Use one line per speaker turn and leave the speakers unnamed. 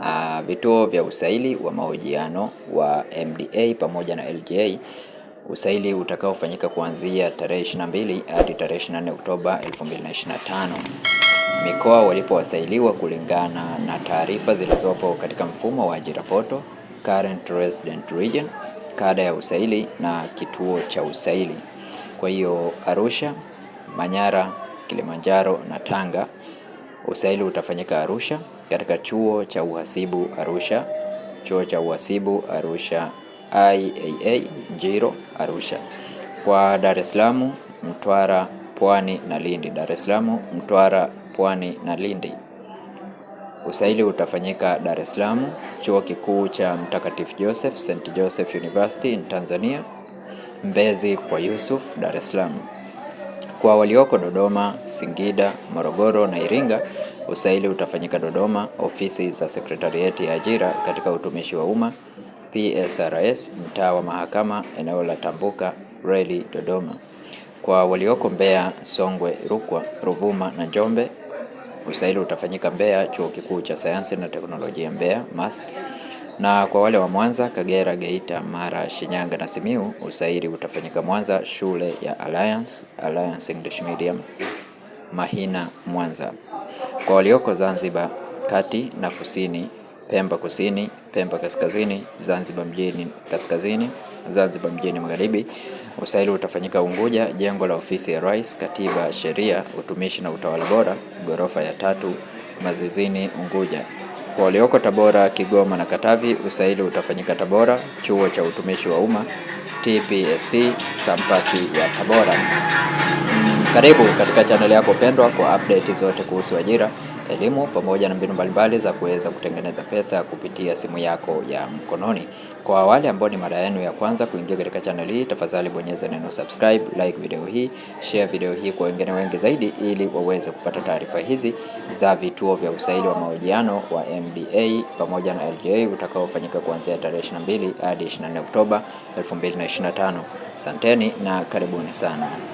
uh, vituo vya usaili wa mahojiano wa MDA pamoja na LGA, usaili utakaofanyika kuanzia tarehe 22 hadi tarehe 24 Oktoba 2025. Mikoa walipowasailiwa kulingana na taarifa zilizopo katika mfumo wa ajira poto current resident region, kada ya usaili na kituo cha usaili. Kwa hiyo Arusha, Manyara, Kilimanjaro na Tanga. Usaili utafanyika Arusha katika chuo cha uhasibu Arusha, chuo cha uhasibu Arusha IAA Njiro Arusha, kwa Dar es Salaam, Mtwara, Pwani na Lindi. Dar es Salaam, Mtwara, Pwani na Lindi. Usaili utafanyika Dar es Salaam, chuo kikuu cha Mtakatifu Joseph St Joseph University in Tanzania, Mbezi kwa Yusuf, Dar es Salaam. Kwa walioko Dodoma, Singida, Morogoro na Iringa, usaili utafanyika Dodoma, ofisi za Sekretarieti ya Ajira katika Utumishi wa Umma PSRS, mtaa wa Mahakama, eneo la Tambuka reli Dodoma. Kwa walioko Mbeya, Songwe, Rukwa, Ruvuma na Njombe, usaili utafanyika Mbeya, Chuo Kikuu cha Sayansi na Teknolojia Mbeya MAST na kwa wale wa Mwanza, Kagera, Geita, Mara, Shinyanga na Simiu, usairi utafanyika Mwanza shule ya Alliance, Alliance English Medium Mahina Mwanza. Kwa walioko Zanzibar kati na kusini, Pemba kusini, Pemba kaskazini, Zanzibar mjini kaskazini, Zanzibar mjini magharibi, usaili utafanyika Unguja, jengo la ofisi ya Rais, Katiba, Sheria, Utumishi na Utawala Bora, ghorofa ya tatu, Mazizini, Unguja. Kwa walioko Tabora, Kigoma na Katavi, usaili utafanyika Tabora, chuo cha utumishi wa umma TPSC, kampasi ya Tabora. Karibu katika chaneli yako pendwa kwa update zote kuhusu ajira elimu pamoja na mbinu mbalimbali za kuweza kutengeneza pesa kupitia simu yako ya mkononi. Kwa wale ambao ni mara yenu ya kwanza kuingia katika channel hii, tafadhali bonyeza neno subscribe, like video hii, share video hii kwa wengine wengi zaidi, ili waweze kupata taarifa hizi za vituo vya usaili wa mahojiano wa MDA pamoja na LDA utakaofanyika kuanzia tarehe 22 hadi 24 Oktoba 2025. Santeni na karibuni sana.